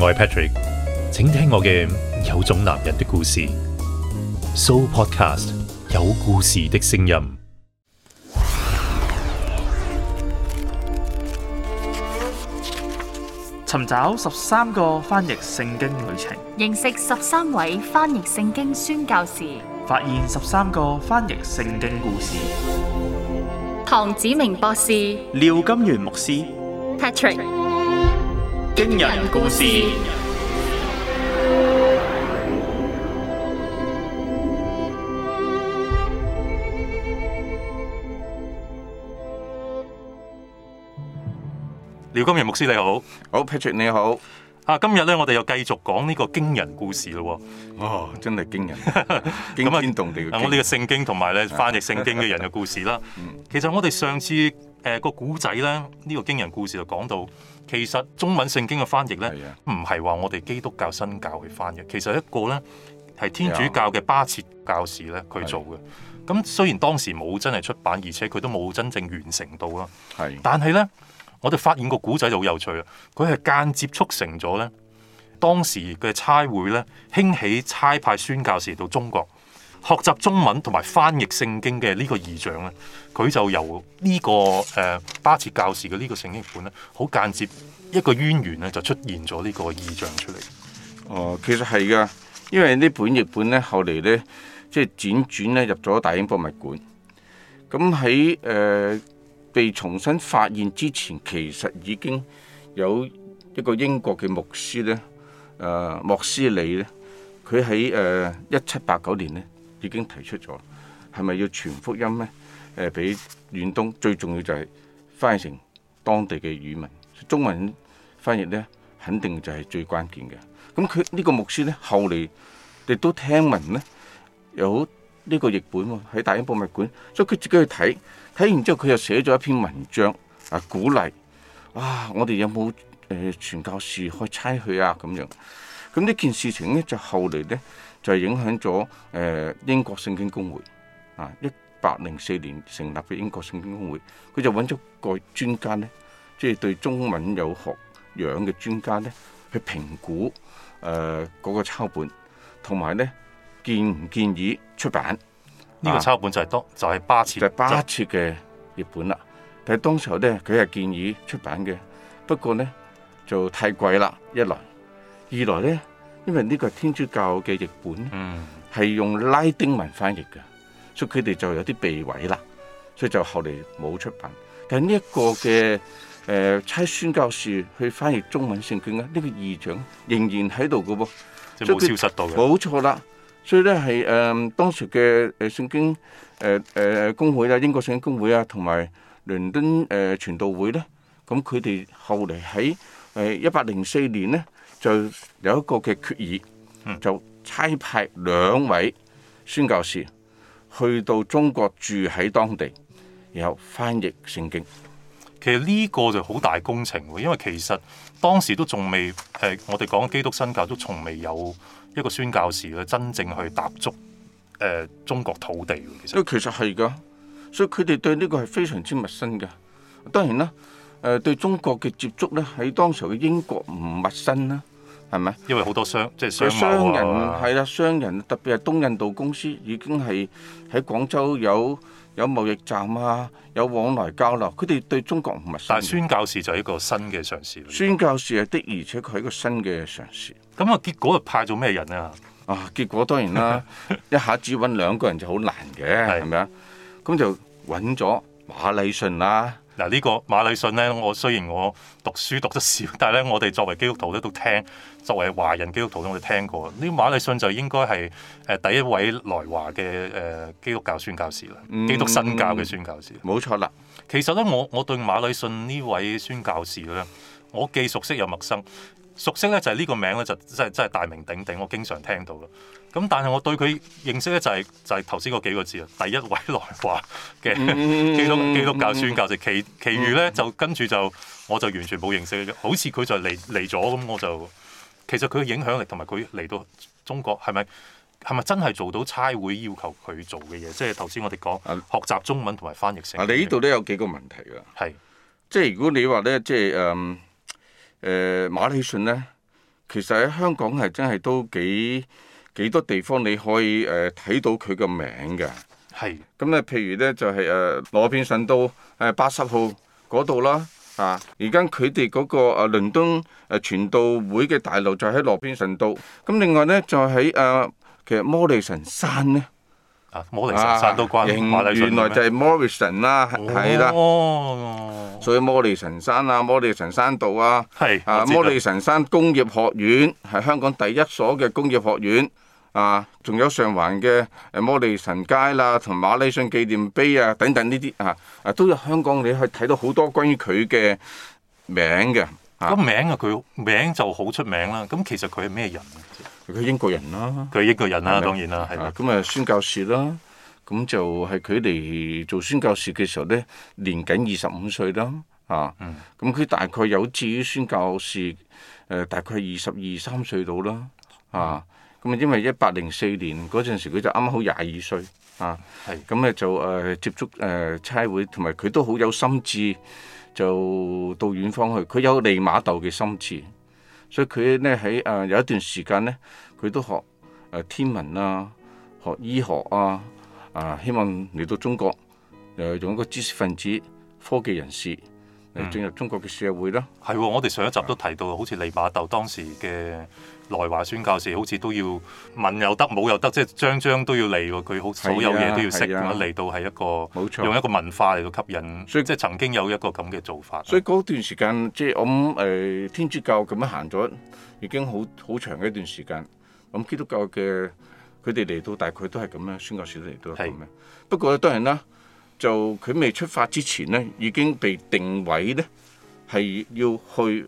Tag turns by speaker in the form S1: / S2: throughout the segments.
S1: 我係 Patrick，請聽我嘅有種男人的故事。So Podcast 有故事的聲音，尋找十三個翻譯聖經旅程，認識十三位翻譯聖經宣教士，發現十三個翻譯聖經故事。唐子明博士，廖金源牧師，Patrick。驚人故事。廖金仁牧師你好，好，Patrick，你好。啊！今日咧，我哋又繼續講呢個驚人故事咯喎！哦，嗯、真係驚人，驚 天動地我哋嘅聖經同埋咧翻譯聖經嘅人嘅故事啦。 嗯、其實我哋上次誒、個古仔咧，呢個驚人故事就講到，其實中文聖經嘅翻譯咧，唔係話我哋基督教新教去翻譯，其實一個咧係天主教嘅巴切教士咧佢做嘅。咁的雖然當時冇真係出版，而且佢都冇真正完成到啦。係的，但係咧。我哋發現個古仔就好有趣啊。佢係間接促成咗咧當時嘅差會咧興起差派宣教士嚟到中國學習中文同埋翻譯聖經嘅呢個異象咧，佢就由呢、這個誒、呃、巴切教士嘅呢個聖經本咧，好間
S2: 接一個淵源咧就出現咗呢個異象出嚟。哦，其實係噶，因為本日本呢本譯本咧後嚟咧即係輾轉咧入咗大英博物館，咁喺誒。呃被重新發現之前，其實已經有一個英國嘅牧師咧，誒、呃、莫斯利咧，佢喺誒一七八九年咧已經提出咗，係咪要傳福音咧，誒、呃、俾遠東最重要就係翻譯成當地嘅語文，中文翻譯咧肯定就係最關鍵嘅。咁佢呢個牧師咧後嚟亦都聽聞咧有。呢個譯本喺大英博物館，所以佢自己去睇，睇完之後佢又寫咗一篇文章啊，鼓勵，哇、啊！我哋有冇誒傳教士可以差去差佢啊咁樣？咁呢件事情咧就後嚟咧就影響咗誒英國聖經公會啊，一八零四年成立嘅英國聖經公會，佢、啊、就揾咗個專家咧，即、就、係、是、對中文有學養嘅專家咧去評估誒嗰、呃那個抄本，同埋咧。建唔建議出版呢、啊、個抄本就係、是、多，就係、是、巴設，巴設嘅譯本啦。就是、但係當時候咧，佢係建議出版嘅，不過咧就太貴啦，一來二來咧，因為呢個係天主教嘅譯本，嗯，係用拉丁文翻譯嘅，所以佢哋就有啲避諱啦，所以就後嚟冇出版。但係呢一個嘅誒、呃、差宣教士去翻譯中文聖經咧，呢、這個異象仍然喺度嘅喎，即冇、嗯、消失到嘅，冇錯啦。所以咧係誒當時嘅誒聖經誒誒、呃呃、公會啦，英國聖經公會啊，同埋倫敦誒、呃、傳道會咧，咁佢哋後嚟喺誒一八零四年咧，就有一個嘅決議，就差派兩位宣教師去到中國住喺當地，然後翻譯聖經。其實呢個就好大工程喎，因為
S1: 其實當時都仲未誒、呃，我哋講基督新教都從未有一個宣
S2: 教士去真正去踏足誒、呃、中國土地嘅。其實，誒其實係噶，所以佢哋對呢個係非常之陌生嘅。當然啦，誒、呃、對中國嘅接觸咧，喺當時嘅英國唔陌生啦，係咪？
S1: 因為好多商，即係商、啊、人係
S2: 啦，商人特別係東印度公司已經係喺廣州有。有貿易站啊，有往來交流，佢哋對中國唔係新嘅。但宣教士就係一個新嘅嘗試。宣教士係的，而且佢係一個新嘅嘗試。咁啊，結果啊派咗咩人啊？啊，結果當然啦， 一下子揾兩個人就好難嘅，係咪是啊？咁就揾咗馬禮遜啦。嗱，呢個馬禮遜咧，我雖然我讀書
S1: 讀得少，但係咧我哋作為基督徒咧都聽，作為華人基督徒我哋聽過。呢馬禮遜就應該係誒第一位來華嘅誒基督教宣教士啦，嗯、基督新教嘅宣教士。冇錯啦，其實咧我我對馬禮遜呢位宣教士咧，我既熟悉又陌生。熟悉咧就係、是、呢個名咧就真真係大名鼎鼎，我經常聽到咯。咁但係我對佢認識咧就係、是、就係頭先嗰幾個字啊，第一位來華嘅基督、嗯、基督教宣教士、就是，其其餘咧就跟住就我就完全冇認識嘅，啫。好似佢就嚟嚟咗咁我就。其實佢嘅影響力同埋佢嚟到中國係咪係咪真係做到差會要求佢做嘅嘢？即係頭先我哋講學習中文同埋翻譯成、啊。你呢度
S2: 都有幾個問題㗎？係是即係如果你話咧，即係嗯。Um 誒、呃、馬禮遜咧，其實喺香港係真係都幾幾多地方你可以誒睇、呃、到佢嘅名嘅，係是。咁咧、嗯，譬如咧就係、是、誒、啊、羅便臣道誒、啊、八十號嗰度啦，啊，而家佢哋嗰個誒倫敦誒傳道會嘅大樓就喺羅便臣道。咁、嗯、另外咧就喺、是、誒、啊、其實摩利臣山咧。摩利神山都關馬來，原來就係 m o r r i s o n 啦，係、哦、啦。哦，所以摩利神山啊，摩利神山道啊，係啊，摩利神山工業學院係香港第一所嘅工業學院啊。仲有上環嘅誒摩利神街啦，同馬來信紀念碑啊等等呢啲啊，啊都有香港你去睇到好多關於佢嘅名嘅。個名啊，佢名，名就好出名啦。咁其實佢係咩人？佢英國人啦、啊，佢英國人啦、啊，當然啦，係咁啊，係咪宣教士啦，咁就係佢嚟做宣教士嘅時候咧，年僅二十五歲啦，啊，咁佢、嗯、大概有至於宣教士，誒、呃、大概二十二三歲到啦，啊，咁啊因為一八零四年嗰陣時佢就啱啱好廿二歲，啊，咁咧是就誒、呃、接觸誒差、呃、會，同埋佢都好有心志，就到遠方去，佢有利瑪竇嘅心志。所以佢咧喺誒有一段時間咧，佢都學誒、呃、天文啊，學醫學啊，啊、呃、希望嚟到中國誒、呃，用一個知識分子、科技人士嚟進入中國嘅社會啦。係喎、嗯哦，
S1: 我哋上一集都提到，好似利瑪竇當時嘅。來華宣教士好似都要文又得，武又得，即係將將都要嚟喎。佢好所有嘢都要識咁嚟到係一個，冇錯，用一個文化嚟到吸引。所以即係曾經有一個咁嘅做法。
S2: 所以嗰段時間即係我咁天主教咁樣行咗，已經好好長嘅一段時間。咁、嗯、基督教嘅佢哋嚟到大概都係咁樣宣教士嚟到咁樣。是不過咧當然啦，就佢未出發之前咧，已經被定位咧係要去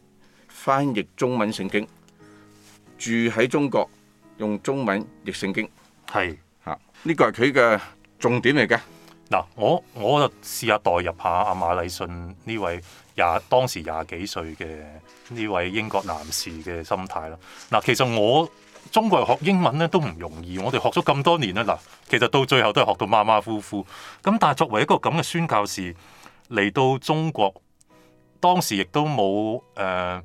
S2: 翻譯中文聖經。住喺中國，用中文譯聖經，係嚇，呢個係佢嘅重點嚟嘅。嗱，我
S1: 我就試下代入下阿、啊、馬禮信呢位廿，當時廿幾歲嘅呢位英國男士嘅心態咯。嗱，其實我中國人學英文咧都唔容易，我哋學咗咁多年咧，嗱，其實到最後都係學到馬馬虎虎。咁但係作為一個咁嘅宣教士嚟到中國，當時亦都冇誒。呃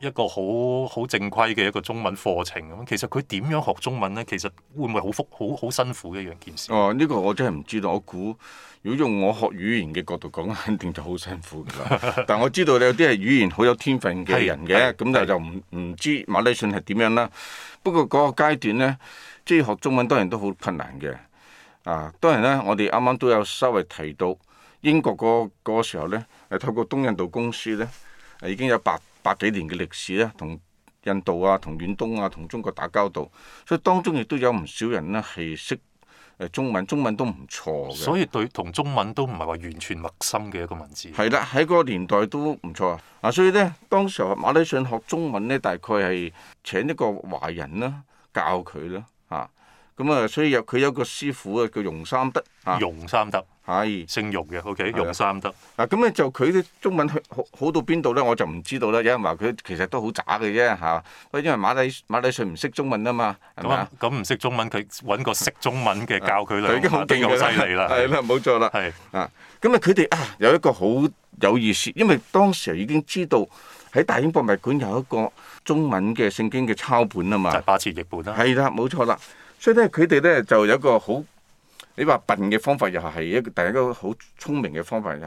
S1: 一個好好正規嘅一個中文課程咁，其實佢點樣學中文呢？
S2: 其實會唔會好複好好辛苦嘅一樣件事？哦，呢、這個我真係唔知道。我估如果用我學語言嘅角度講，肯定就好辛苦㗎啦。 但我知道你有啲係語言好有天分嘅人嘅，咁但係就唔唔是知馬來西亞係點樣啦。不過嗰個階段呢，即、就、係、是、學中文，當然都好困難嘅。啊，當然啦，我哋啱啱都有稍微提到英國嗰嗰時候呢，係透過東印度公司呢，已經有百百幾年嘅歷史咧，同印度啊、同遠東啊、同中國打交道，所以當中亦都有唔少人咧係識誒中文，中文都唔錯嘅。所以對同中文都唔係話完全陌生嘅一個文字。係啦，喺嗰個年代都唔錯啊！嗱，所以咧，當時候馬禮遜學中文咧，大概係請一個華人啦教佢啦嚇，咁啊，所以有佢有個師傅啊，叫容三德。容三德。係姓容嘅，O.K. 容三德。啊，咁咧就佢啲中文好好，好到邊度咧？我就唔知道啦。有人話佢其實都好渣嘅啫嚇。因為馬禮馬禮遜唔識中文啊嘛。咁啊，咁
S1: 唔識中文，佢揾個識
S2: 中文嘅教佢啦。佢、啊、已經好勁，好犀利啦。係啦，冇錯啦。係啊，咁的啊，佢哋啊有一個好有意思，因為當時已經知道喺大英博物館有一個中文嘅聖經嘅抄本啊嘛。八次譯本啊。係啦，冇錯啦。所以咧，佢哋咧就有一個好。你話笨嘅方法，又係一個第一個好聰明嘅方法又。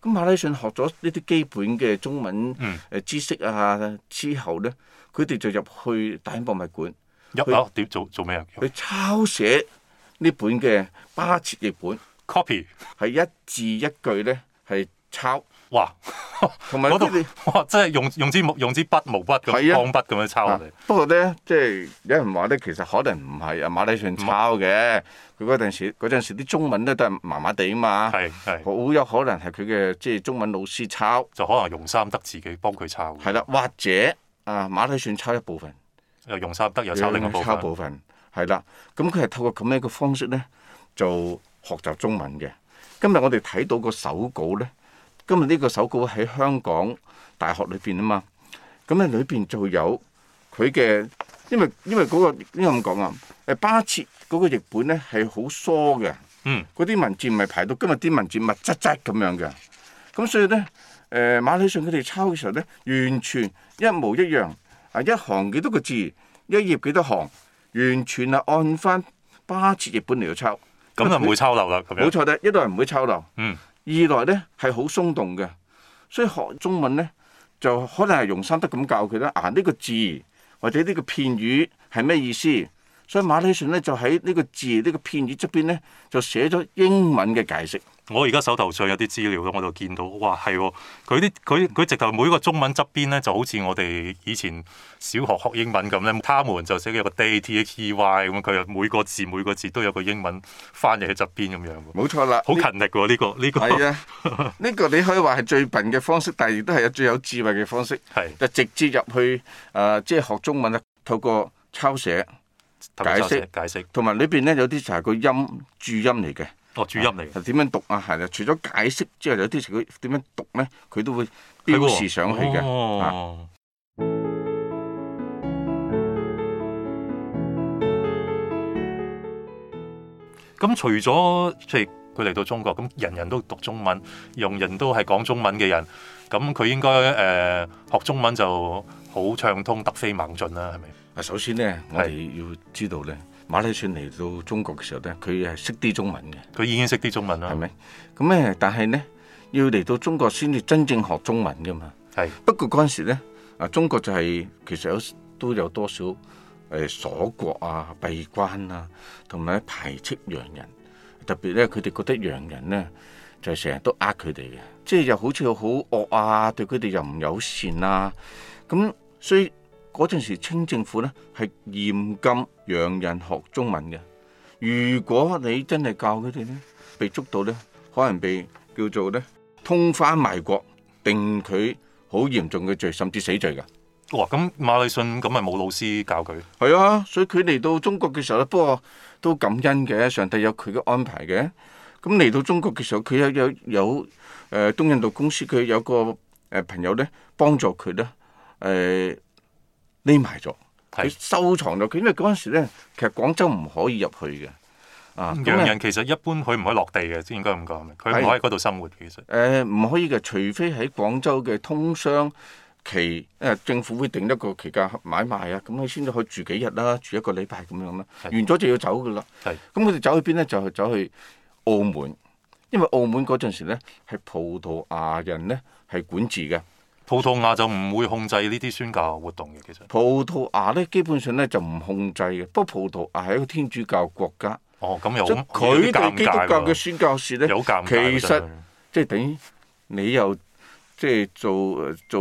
S2: 咁馬禮遜學咗呢啲基本嘅中文誒知識啊、嗯、之後咧，佢哋就入去大英博物館，
S1: 入去啊？
S2: 點做做咩啊？去抄寫呢本嘅巴設譯本、嗯、，copy 係一字一句咧係抄。哇！同埋啲你哇，真係用用
S1: 支木用支筆毛筆嘅鋼筆咁、啊、樣抄落嚟、啊。
S2: 不過咧，即係有人話咧，其實可能唔係啊，馬禮遜抄嘅。佢嗰陣時，嗰陣時啲中文咧都係麻麻地啊嘛，係，係，好有可能係佢嘅即係中文老師抄，就可能容三德自己幫佢抄。係啦，或者啊馬禮遜抄一部分，又容三德又抄另一部分。抄部分係啦，咁佢係透過咁樣嘅方式咧就學習中文嘅。今日我哋睇到個手稿咧，今日呢個手稿喺香港大學裏邊啊嘛，咁咧裏邊就有佢嘅。因為因為嗰個呢個咁講啊，誒巴切嗰個譯本咧係好疏嘅，嗰啲、嗯、文字唔係排到今日啲文字密質質咁樣嘅，咁所以咧誒、呃、馬里信佢哋抄嘅時候咧，完全一模一樣，啊一行幾多個字，一頁幾多行，完全係按翻巴切譯本嚟到抄，咁就唔會抄漏啦，冇錯啦，一來唔會抄漏，嗯、二來咧係好鬆動嘅，所以學中文咧就可能係用生得咁教佢啦，啊呢、這個字。或者呢個片語係咩意思？所以馬禮遜咧就喺呢個字呢個片語側邊咧就寫咗英文嘅解釋。我而
S1: 家手頭上有啲資料咯，我就見到，哇，係喎！佢啲佢佢直頭每一個中文側邊咧就好似我哋以前小學學英文咁咧，他們就寫一個 D a T H E Y 咁，佢啊每個字每個字都有個英文翻譯喺側邊咁樣。冇錯啦，好勤力喎！呢個呢個係啊，
S2: 呢的 個你可以話係最笨嘅方式，但亦都係最有智慧嘅方式。係的就直接入去啊，即、呃、係、就是、學中文啊，透過抄寫。解釋解釋，同埋裏邊咧有啲就係個音注音嚟嘅，哦，注音嚟嘅，點樣讀啊？係啦，除咗解釋之外，有啲佢點樣讀咧，佢都會標示上去嘅。哦、啊，
S1: 咁除咗即佢嚟到中國咁，人人都讀中文，人人都係講中文嘅人，咁佢應該誒、呃、學中文
S2: 就好暢通，突飛猛進啦，係咪？嗱，首先咧，我哋要知道咧，馬禮遜嚟到中國嘅時候咧，佢係識啲中文嘅，佢已經識啲中文啦，係咪？咁咧，但係咧，要嚟到中國先至真正學中文噶嘛？係是。不過嗰陣時咧，啊中國就係其實有都有多少誒鎖國啊、閉關啊，同埋排斥洋人。特別咧，佢哋覺得洋人咧就係成日都呃佢哋嘅，即係又好似好惡啊，對佢哋又唔友善啊，咁所以嗰陣時清政府咧係嚴禁洋人學中文嘅。如果你真係教佢哋咧，被捉到咧，可能被叫做咧通番賣國，定佢好嚴重嘅罪，甚至死罪㗎。咁、哦、馬禮遜咁咪冇老師教佢？係啊，所以佢嚟到中國嘅時候咧，不過都感恩嘅，上帝有佢嘅安排嘅。咁嚟到中國嘅時候，佢有有有誒、呃、東印度公司，佢有個誒朋友咧幫助佢咧。誒匿埋咗，佢是收藏咗佢。因為嗰陣時咧，其實廣州唔可以入去嘅。啊，洋人其
S1: 實一般佢唔可以落地嘅，應該咁講，佢唔是可以喺嗰度生活其實。
S2: 誒唔、呃、可以嘅，除非喺廣州嘅通商。期誒政府會定一個期間買賣啊，咁你先至可以住幾日啦，住一個禮拜咁樣啦，的完咗就要走㗎喇。咁佢哋走去邊咧？就係、是、走去澳門，因為澳門嗰陣時咧係葡萄牙人咧係管治嘅。葡萄牙就唔會控制呢啲宣教活動嘅，其實。葡萄牙咧基本上咧就唔控制嘅，不過葡萄牙係一個天主教國家。哦，咁又咁佢哋基督教嘅宣教士咧，其實即係等於你又。嗯嗯即係做做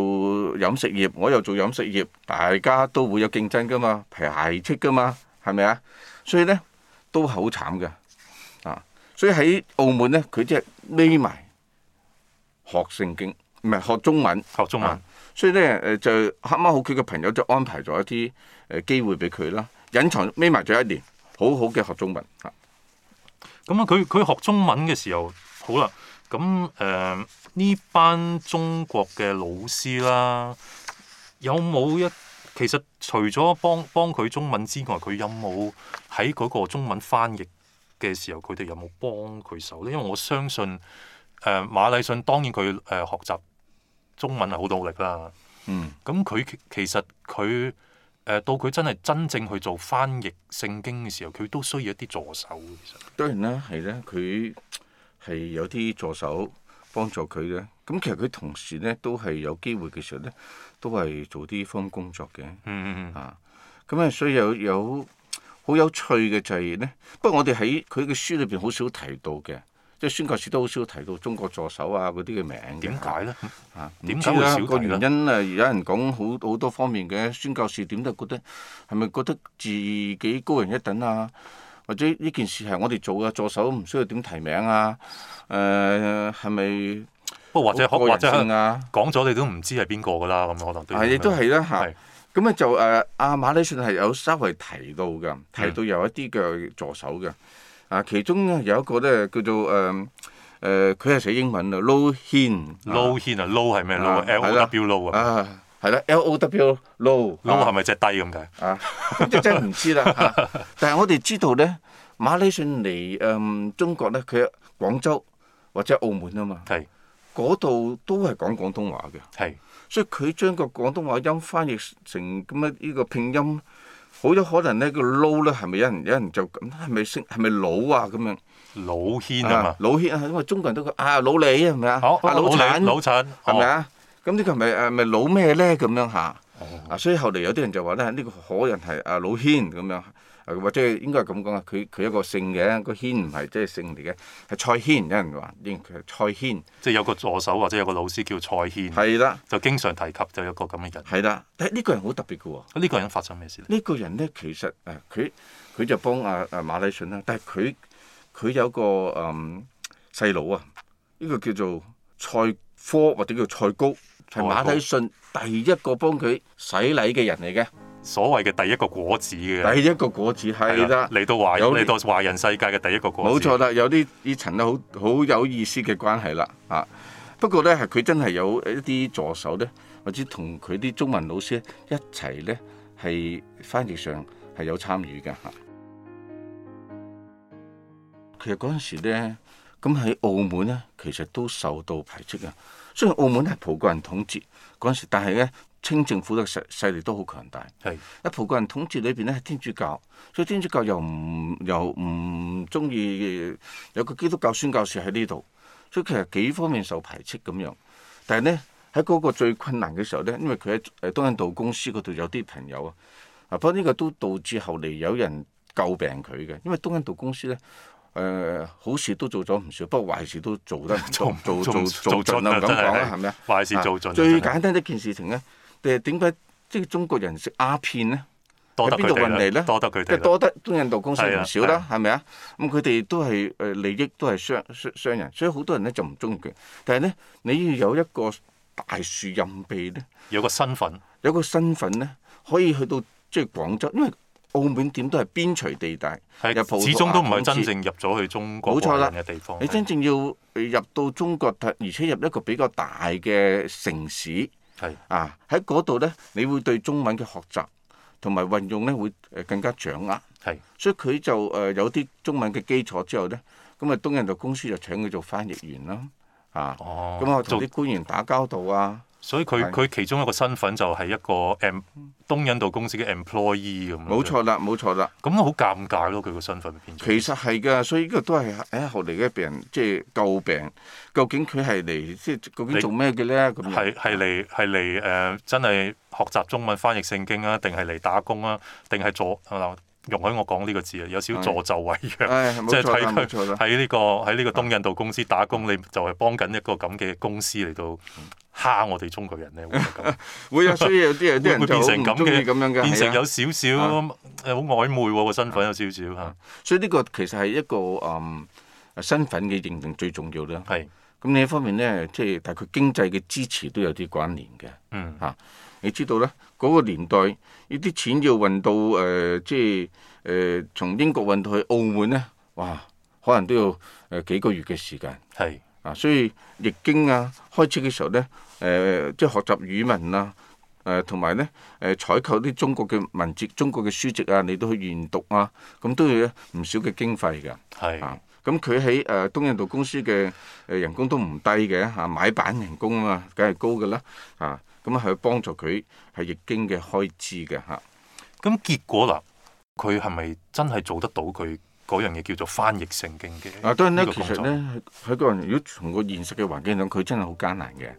S2: 飲食業，我又做飲食業，大家都會有競爭㗎嘛，排斥㗎嘛，係咪啊？所以咧都好慘㗎啊！所以喺澳門咧，佢即係匿埋學聖經，唔係學中文，學中文。中文啊、所以咧誒就啱啱好，佢嘅朋友就安排咗一啲誒機會俾佢啦，隱藏匿埋咗一年，好好嘅學中文啊！咁啊，佢佢學中文嘅時候，好啦。
S1: 咁誒呢班中國嘅老師啦，有冇一其實除咗幫幫佢中文之外，佢有冇喺嗰個中文翻譯嘅時候，佢哋有冇幫佢手咧？因為我相信誒馬禮遜，當然佢誒、呃、學習中文係好努力啦。嗯，咁佢其實佢誒、呃、到佢真係真正去做翻譯聖經嘅
S2: 時候，佢都需要一啲助手。其實當然啦，係咧佢。係有啲助手幫助佢嘅。咁其實佢同時咧都係有機會嘅時候咧，都係做啲方工作嘅。嗯嗯啊，咁啊，所以有有好有趣嘅就係咧，不過我哋喺佢嘅書裏邊好少提到嘅，即係宣教士都好少提到中國助手啊嗰啲嘅名嘅。點解咧？啊，唔知啊，點解會少個原因啊，有人講好好多方面嘅，宣教士點都覺得係咪覺得自己高人一等啊？或者呢件事係我哋做嘅助手，唔需要點提名啊？誒係咪？不過或者學或者
S1: 講咗你都唔知係邊個㗎啦，咁可能。係，亦都係啦
S2: 嚇。咁啊就誒阿馬禮遜係有稍微提到嘅，提到有一啲嘅助手嘅。啊，其中咧有一個咧叫做誒誒，佢、啊、係、呃、寫英文啊，Low Hen。Low Hen 啊，Low 係咩 Low 啊 l o w l Low 啊。係啦，L O W low，咁我係咪隻低咁嘅？啊，即真係唔知啦。但係我哋知道咧，馬禮遜嚟誒中國咧，佢喺廣州或者澳門啊嘛，嗰度都係講廣東話嘅。係，所以佢將個廣東話音翻譯成咁樣呢個拼音，好有可能咧，個 low 咧係咪有人有人就咁？係咪聲係咪老啊咁樣？老軒啊嘛，老軒啊，因為中國人都講啊老李啊，係咪啊？好，老陳，老陳係咪啊？咁呢個係咪誒咪老咩咧咁樣下，啊、哦，所以後嚟有啲人就話咧，呢、這個可人係阿老軒咁樣，或者應該係咁講啊，佢佢一個姓嘅、這個軒唔係即係姓嚟嘅，係蔡軒。有人話，蔡軒即係有
S1: 個助手或者有個老師叫蔡軒。係啦的。就經常提及就有個咁嘅人。
S2: 係啦，但係呢個人好特別嘅喎。呢個人發生咩事咧？呢個人咧其實誒，佢佢就幫阿阿馬禮遜啦，但係佢佢有個誒細佬啊，呢、嗯這個叫做蔡科或者叫蔡高。係馬禮遜第一個幫佢洗禮嘅人嚟嘅，所謂嘅第一個果子嘅，第一個果子係啦，
S1: 嚟到華嚟到華人世界嘅第一個果子，冇錯
S2: 啦，有啲呢層咧好好有意思嘅關係啦，啊，不過咧係佢真係有一啲助手咧，或者同佢啲中文老師呢一齊咧係翻譯上係有參與噶。其實嗰陣時咧，咁喺澳門咧，其實都受到排斥嘅。雖然澳門係葡國人統治嗰陣時，但係咧清政府嘅勢勢力都好強大。係一葡國人統治裏邊咧，係天主教，所以天主教又唔又唔中意有個基督教宣教士喺呢度，所以其實幾方面受排斥咁樣。但係咧喺嗰個最困難嘅時候咧，因為佢喺東印度公司嗰度有啲朋友啊，啊不過呢個都導致後嚟有人詬病佢嘅，因為東印度公司咧。誒好事都做咗唔少，不過壞事都做得做唔做做做盡啦，真係，係咪啊？壞事做盡。最簡單一件事情咧，即係點解即係中國人食鴉片咧？
S1: 喺邊度運嚟咧？多得佢哋，多
S2: 得東印度公司唔少啦，係咪啊？咁佢哋都係誒利益都係商商人，所以好多人咧就唔中意佢。但係咧，你要有一個大樹蔭庇咧，有個身份，有個身份咧可以去到即係廣州，因為。澳門點都係邊陲地帶，是始終都唔係真正
S1: 入咗去中國內地嘅地方。冇錯啦，是你真
S2: 正要入到中國，而且入一個比較大嘅城市，是啊喺嗰度咧，你會對中文嘅學習同埋運用咧會誒更加掌握。係是，所以佢就誒、呃、有啲中文嘅基礎之後咧，咁啊東印度公司就請佢做翻譯員啦、啊，啊，咁、哦、啊同啲官員打交道啊。所以佢佢
S1: 其中一個身份就係一個 e m 東印度公司嘅 employee 咁。冇錯啦，冇錯啦。咁好尷尬咯，
S2: 佢個身份變。其實係㗎，所以呢個都係誒、哎，後嚟嘅病即係、就是、救病，究竟佢係嚟即係究竟做咩嘅咧？咁係係嚟係嚟誒，
S1: 真係學習中文翻譯聖經啊，定係嚟打工啊，定係做啊？容許我講呢個字啊，有少助紂為虐，哎、即係睇佢喺呢個喺呢個東印度公司打工，的你就係幫緊一個咁嘅公司嚟到蝦我哋中國人咧，的會唔
S2: 會咁？會啊，所以有啲人啲人會變成咁嘅，的變成有少少誒好曖昧喎個身份有少少嚇。所以呢個其實係一個誒、嗯、身份嘅認定最重要啦。係的。咁另一方面咧，即、就、係、是、大概佢經濟嘅支持都有啲關聯嘅。嗯。嚇、啊，你知道咧？嗰個年代，呢啲錢要運到誒、呃，即係誒、呃、從英國運到去澳門咧，哇，可能都要誒、呃、幾個月嘅時間。係是啊，所以譯經啊，開始嘅時候咧，誒、呃、即係學習語文啊，誒同埋咧誒採購啲中國嘅文字、中國嘅書籍啊，你都去研讀啊，咁、嗯、都要唔少嘅經費㗎。係是啊，咁佢喺誒東印度公司嘅誒人工都唔低嘅嚇、啊，買版人工啊嘛，梗係高㗎啦嚇。咁啊，係、嗯、幫助佢係譯經嘅開支嘅嚇。咁、嗯、結果啦，佢係咪真係做得
S1: 到佢嗰樣嘢叫做翻譯聖經嘅、啊？啊，當然咧，其實咧，
S2: 喺個人如果從個現實嘅環境講，佢真係好艱難嘅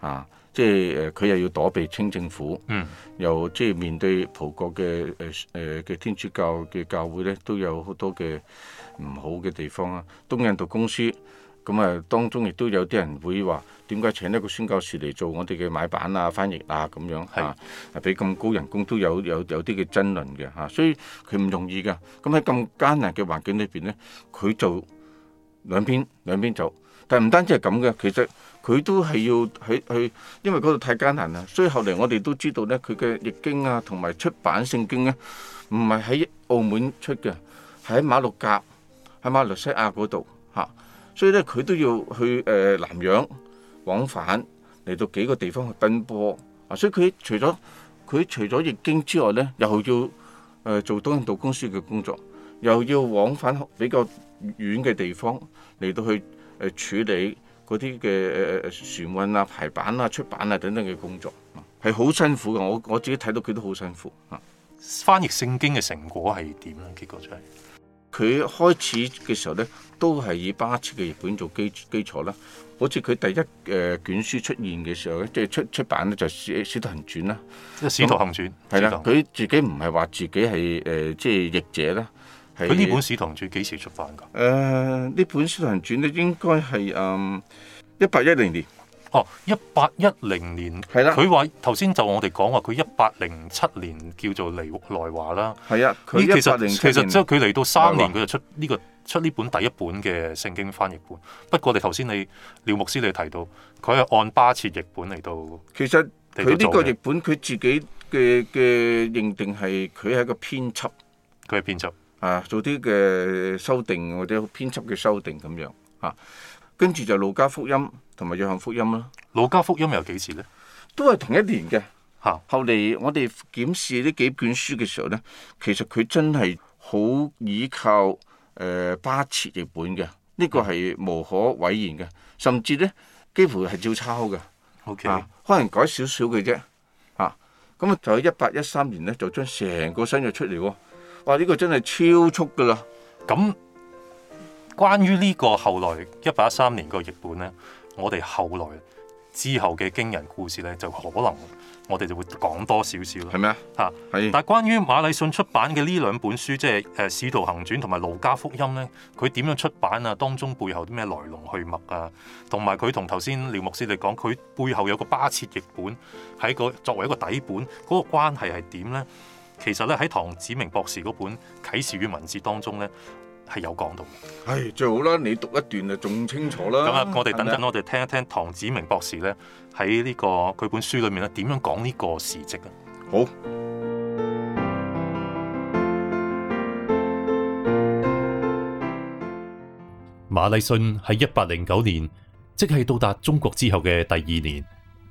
S2: 嚇。即係誒，佢又要躲避清政府，嗯、又即係面對葡國嘅誒誒嘅天主教嘅教會咧，都有多好多嘅唔好嘅地方啦。東印度公司。咁啊，當中亦都有啲人會話點解請一個宣教士嚟做我哋嘅買辦啊、翻譯啊咁樣是啊，俾咁高人工都有有有啲嘅爭論嘅嚇、啊，所以佢唔容易噶。咁喺咁艱難嘅環境裏邊咧，佢做兩邊兩邊走，但唔單止係咁嘅，其實佢都係要喺喺，因為嗰度太艱難啦。所以後嚟我哋都知道咧，佢嘅《譯經》啊同埋出版聖經咧、啊，唔係喺澳門出嘅，喺馬六甲喺馬來西亞嗰度嚇。啊。所以咧，佢都要去誒、呃、南洋往返，嚟到幾個地方去奔波。啊，所以佢除咗佢除咗譯經之外咧，又要誒、呃、做東印度公司嘅工作，又要往返比較遠嘅地方嚟到去誒、呃、處理嗰啲嘅誒誒船運啊、排版啊、出版啊等等嘅工作，係好辛苦嘅。我我自己睇到佢都好辛苦。啊，翻譯聖經嘅成果係點咧？結果就係、是。佢開始嘅時候咧，都係以巴切嘅譯本做基礎基礎啦。好似佢第一誒卷書出現嘅時候咧，即、就、係、是、出出版就《使使徒行傳》那啦。即《使徒行傳》係啦，佢自己唔係話自己係誒即係譯者啦。佢呢本《使徒行傳》幾時出版㗎？誒、呃，呢本《使徒行傳》咧應該係嗯一八一零年。哦，一八一零年，佢話頭先就我哋講話
S1: 佢一八零七年叫做嚟內華啦。
S2: 係啊，佢一八零七年即係
S1: 佢嚟到三年，佢就，的就出呢、呢個出呢本第一本嘅聖經翻譯本。不過你，你哋頭先你
S2: 廖牧師你提到，佢係按巴設譯本嚟到。其實佢呢個譯本，佢自己嘅嘅認定係佢係一個編輯，佢係編輯啊，做啲嘅修訂或者編輯嘅修訂咁樣嚇。跟、啊、住就路加福音。同埋約翰福音啦，路加福音又幾時咧？都係同一年嘅嚇。啊、後嚟我哋檢視呢幾本書嘅時候咧，其實佢真係好倚靠誒、呃、巴切嘅譯本嘅，呢、這個係無可諱言嘅，甚至咧幾乎係照抄嘅。O Okay . K，、啊、可能改少少嘅啫。嚇、啊，咁啊就喺一八一三年咧，就將成個新約出嚟喎、哦。哇！呢、這個真係超速噶啦。咁關於呢個後來一八一三年個譯本咧？
S1: 我哋後來之後嘅驚人故事呢，就可能我哋就會講多少少咯。但係關於馬禮遜出版嘅呢兩本書，即係《誒使徒行傳》同埋《路加福音》呢，佢點樣出版啊？當中背後啲咩來龍去脈啊？同埋佢同頭先廖牧師嚟講，佢背後有個巴切譯本，係一個作為一個底本，嗰、這個關係係點呢？其實呢，喺唐子明博士嗰本《啟示與文字》當
S2: 中呢。係有講到，係最好啦！你讀一段就仲清楚啦。咁啊，我哋等等，的我
S1: 哋聽一聽唐子明博士咧，喺呢、這個佢本書裏面咧點樣講呢個事蹟啊！好，馬禮 遜喺一八零九年，即係到達中國之後嘅第二年，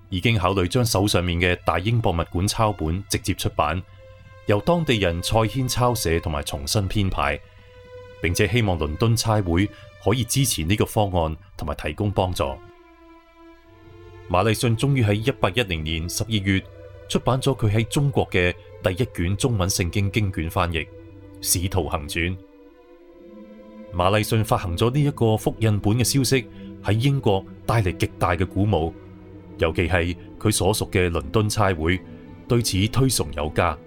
S1: 已經考慮將手上面嘅大英博物館抄本直接出版，由當地人蔡軒抄寫同埋重新編排。並且希望倫敦差會可以支持呢個方案同埋提供幫助。馬禮遜終於喺一八一零年十二月出版咗佢喺中國嘅第一卷中文聖經經，經卷翻譯《使徒行傳》。馬禮遜發行咗呢一個複印本嘅消息喺英國帶嚟極大嘅鼓舞，尤其係佢所屬嘅倫敦差會對此推崇有加。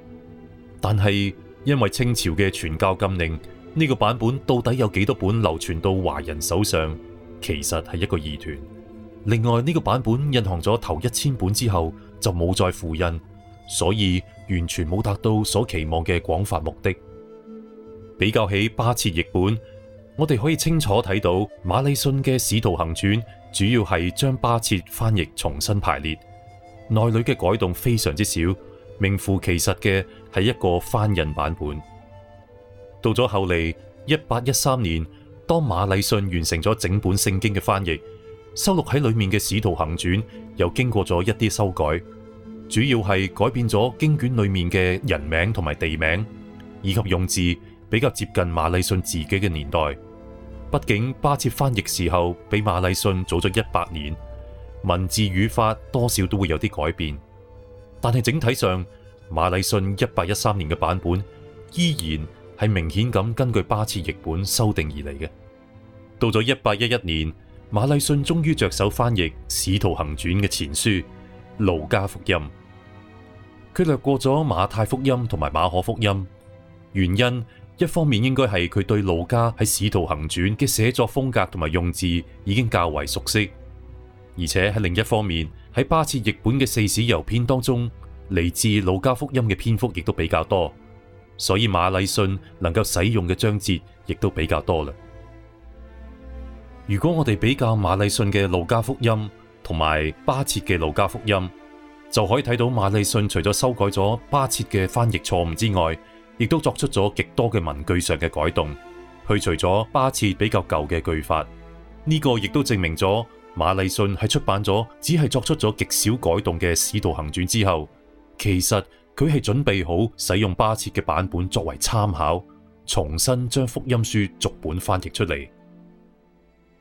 S1: 但係因為清朝嘅傳教禁令。呢個版本到底有幾多本流傳到華人手上？其實係一個疑團。另外呢、呢個版本印行咗頭一千本之後就冇再複印，所以完全冇達到所期望嘅廣泛目的。比較起巴切譯本，我哋可以清楚睇到馬禮遜嘅《使徒行傳》主要係將巴切翻譯重新排列，內裏嘅改動非常之少，名副其實嘅係一個翻印版本。到咗後嚟，一八一三年，當馬禮遜完成咗整本聖經嘅翻譯，收錄喺裏面嘅《使徒行傳》又經過咗一啲修改，主要係改變咗經卷裏面嘅人名同埋地名，以及用字比較接近馬禮遜自己嘅年代。畢竟巴切翻譯時候比馬禮遜早咗一百年，文字語法多少都會有啲改變，但係整體上，馬禮遜一八一三年嘅版本依然。係明顯咁根據巴切譯本修訂而嚟嘅。到咗一八一一年，馬禮遜終於着手翻譯《使徒行傳》嘅前書《路加福音》。佢略過咗馬太福音同埋馬可福音，原因一方面應該係佢對路加喺《使徒行傳》嘅寫作風格同埋用字已經較為熟悉，而且喺另一方面喺巴切譯本嘅四史游篇當中，嚟自《路加福音》嘅篇幅亦都比較多。所以馬禮遜能夠使用嘅章節亦都比較多啦。如果我哋比較馬禮遜嘅《路加福音》同埋巴設嘅《路加福音》，就可以睇到馬禮遜除咗修改咗巴設嘅翻譯錯誤之外，亦都作出咗極多嘅文句上嘅改動，去除咗巴設比較舊嘅句法。呢、這個亦都證明咗馬禮遜喺出版咗只係作出咗極少改動嘅《使徒行傳》之後，其實。佢係準備好使用巴切嘅版本作為參考，重新將福音書逐本翻譯出嚟。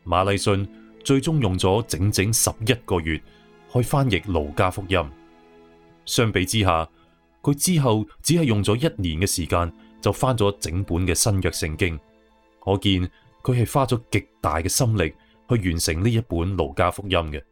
S1: 馬禮遜最終用咗整整十一個月去翻譯《路加福音》。相比之下，佢之後只係用咗一年嘅時間就翻咗整本嘅新約聖經。可見佢係花咗極大嘅心力去完成呢一本《路加福音》嘅。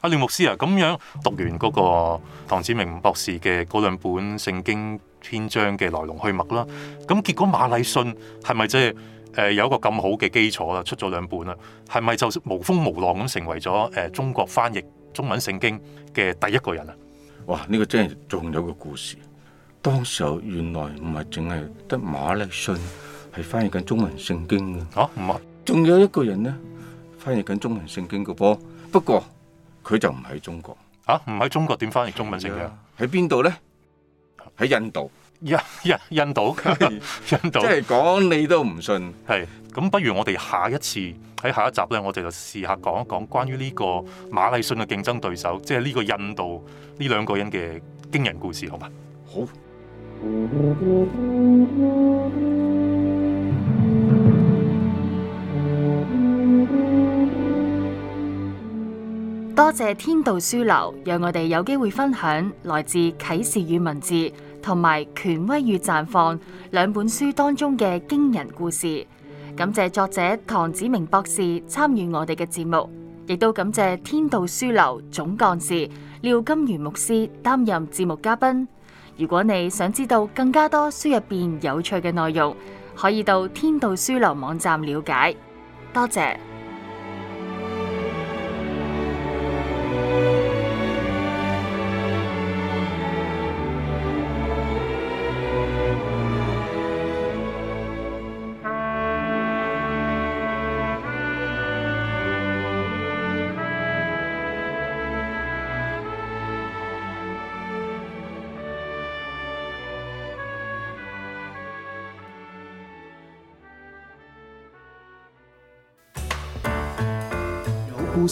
S1: 阿廖、啊、牧師啊，咁樣讀完嗰、那個唐子明博士嘅嗰兩本聖經篇章嘅來龍去脈啦，咁結果馬禮遜係咪即係誒有一個咁好嘅基礎啦？出咗兩本啦，係咪就無風無浪咁成為咗誒、呃、中國翻譯中文聖經嘅第一個人啊？
S2: 哇！呢、這個真係仲有個故事，當時候原來唔係淨係得馬禮遜係翻譯緊中文聖經嘅吓，唔係仲有一個人呢，翻譯緊中文聖經嘅噃。不過。佢就唔喺中國，
S1: 吓，唔喺中國點翻譯中文食嘅？
S2: 喺邊度咧？喺印度
S1: ，yeah, yeah, 印度， 印度。即係講你都唔信。係，咁不如我哋下一次喺下一集咧，我哋就試下講一講關於呢個馬禮遜嘅競爭對手，即係呢個印度呢兩個人嘅驚人故事，好嗎？好。多謝天道書樓，讓我哋有機會分享來自《啟示與文字》同埋《權威與綻放》兩本書當中嘅驚人故事。感謝作者唐子明博士參與我哋嘅節目，亦都感謝天道書樓總幹事廖金如牧師擔任節目嘉賓。如果你想知道更加多書入邊有趣嘅內容，可以到天道書樓網站了解。多謝。